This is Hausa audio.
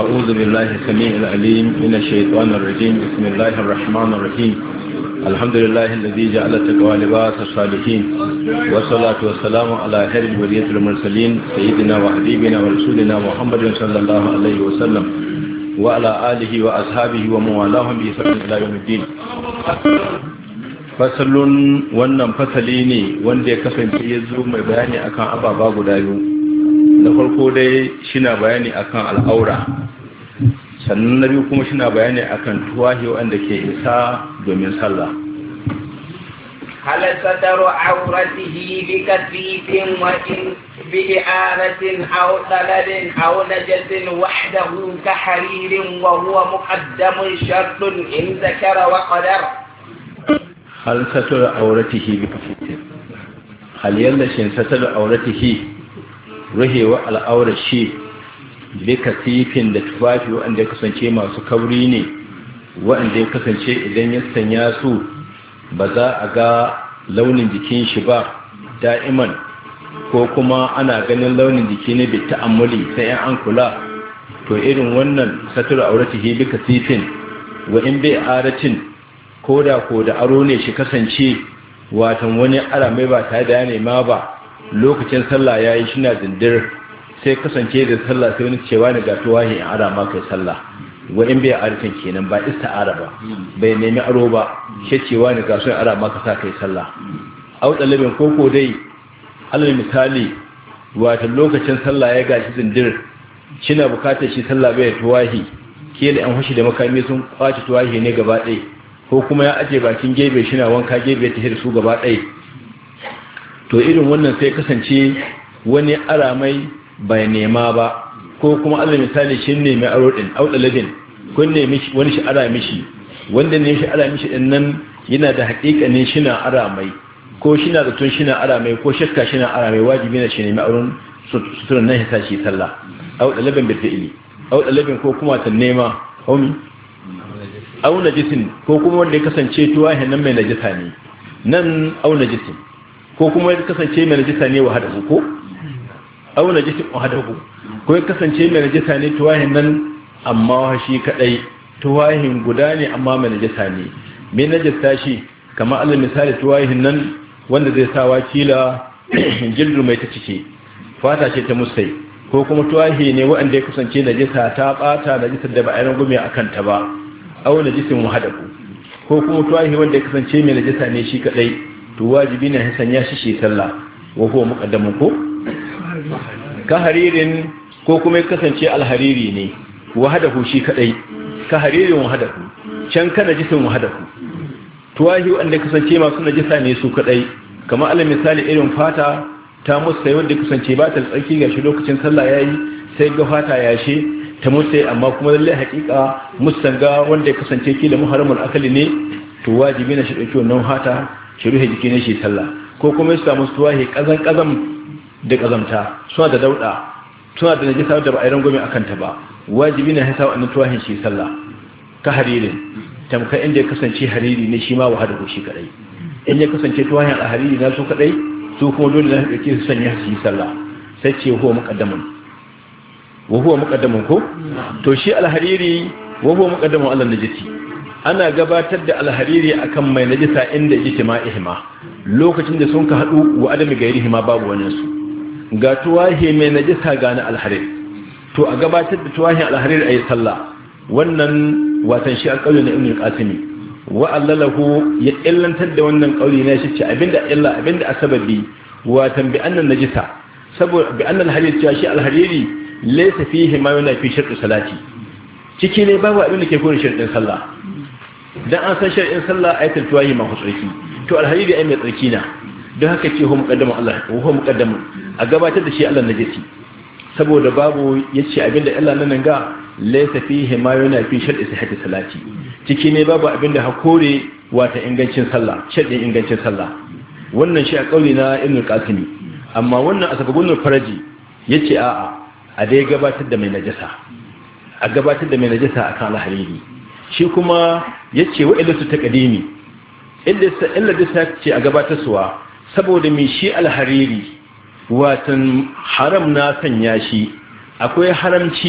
أعوذ بالله السميع العليم من الشيطان الرجيم بسم الله الرحمن الرحيم الحمد لله الذي جعل التقوى لباس الصالحين والصلاة والسلام على خير البرية المرسلين سيدنا وحبيبنا ورسولنا محمد صلى الله عليه وسلم وعلى آله وأصحابه وموالاهم بإسلام إلى يوم الدين fasalun wannan fasali ne wanda ya kasance ya zo mai bayani akan ababa guda biyu da farko dai shina bayani akan al'aura sannan na biyu kuma shina bayani akan tuwahi wanda ke isa domin sallah هل ستر عورته بكتيف وإن بإعانة أو خلل أو نجس وحده كحرير وهو مقدم شرط إن ذكر وقدر هل ستر عورته بكتيف هل يلشن ستر عورته رهي وعلى عور الشيء bika da tufafi waɗanda ya kasance masu kauri ne waɗanda ya kasance idan ya sanya su ba za a ga launin jikin shi ba da'iman ko kuma ana ganin launin jiki ne bi ta'ammuli sai an kula to irin wannan satur auratihi bika tifin wa in bai aratin ko da ko da aro ne shi kasance watan wani arame ba ta da ya nema ba lokacin sallah yayi shi na dindir sai kasance da sallah sai wani cewa ne ga tuwahi in ara ma kai sallah wa in bai arifin kenan ba ista'ara araba bai nemi aro ba shi cewa ne ga su ara ma ka sa kai sallah au dalibin koko dai alal misali wata lokacin sallah ya gashi zindir shina bukatar shi sallah bai tuwahi da yan hushi da makami sun kwace tuwahi ne gaba ɗaya ko kuma ya ajiye bakin gebe shina wanka gebe ta hirsu gaba ɗaya to irin wannan sai kasance wani aramai bai nema ba ko kuma allah misali shi ne mai aro din au labin kun nemi wani shi ara mishi wanda ne shi ara mishi din nan yana da haƙiƙa ne shi na ara mai ko shi na tun shi na ara mai ko shakka shi na ara mai wajibi na shi nemi auren suturan nan ya tashi sallah auɗa labin bil fi'li au labin ko kuma ta nema homi au najisin ko kuma wanda ya kasance tuwa nan mai najisa ne nan au najisin ko kuma ya kasance mai najisa ne wa hada ko aw najisin wahdahu ko ya kasance mai najasa ne tuwahin nan amma shi kadai tuwahin guda ne amma mai najasa ne mai najasa shi kamar alal misali tuwahin nan wanda zai sa wakila jildu mai ta cike fata ce ta musai ko kuma tuwahi ne wanda ya kasance najasa ta bata najisar da ba a yi gumi a kanta ba mu hada ku. ko kuma tuwahi wanda ya kasance mai najasa ne shi kadai to wajibi ne ya sanya shi shi sallah wa huwa muqaddamun ko ka haririn ko kuma kasance alhariri ne wahadahu shi kadai ka haririn wahadahu can kana jisin wahadahu tuwahi wanda kasance masu najisa ne su kadai kamar alal misali irin fata ta musa wanda kasance ba ta tsarki ga shi lokacin sallah yayi sai ga fata yashe ta musa amma kuma lalle hakika musan ga wanda kasance kila muharramul akali ne to wajibi na shi dauki wannan fata shi ruhe jiki ne shi sallah ko kuma su samu tuwahi kazan kazan da kazamta suna da dauɗa, suna da najisa da ba a yi rangwame a kanta ba wajibi na hasa wannan tuwahin shi sallah ka haririn tamka inda ya kasance hariri ne shi ma wa hada shi kadai in ya kasance tuwahin a hariri na su kadai su kuma dole na haɗe su sanya su yi sallah sai ce huwa muqaddamun wa huwa muqaddamun ko to shi alhariri wa huwa muqaddamun na najisi ana gabatar da alhariri akan mai najisa inda ijtima'ihima lokacin da sun ka hadu wa adami gairihima babu wani su ga tuwahi mai najisa gani alharir to a gabatar da tuwahi alharir a yi sallah wannan watan shi a ƙauye na ibn qasimi wa allalahu ya illantar da wannan ƙauye na shi ce abinda illa abinda asababi watan bi annan najisa saboda bi annan alharir cewa shi alhariri laysa fihi ma yana fi shirku salati ciki ne babu abin da ke kore shirin sallah dan an san shirin sallah ayatul tuwahi ma hutsaki to alhariri ai mai tsarki na don haka ce hu muqaddama Allah hu muqaddama a gabatar da shi Allah na najisi saboda babu yace abinda Allah nan ga laysa fihi ma yana fi shar'i sihhati salati ciki ne babu abinda hakore wata ingancin sallah shar'in ingancin sallah wannan shi a kauli na Ibn Qasimi amma wannan asbagunul faraji yace a'a a dai gabatar da mai najasa a gabatar da mai najasa akan alhariri shi kuma yace wa'ilatu taqdimi illa illa ce a gabatar suwa saboda mai shi alhariri watan haram na sanya shi akwai haramci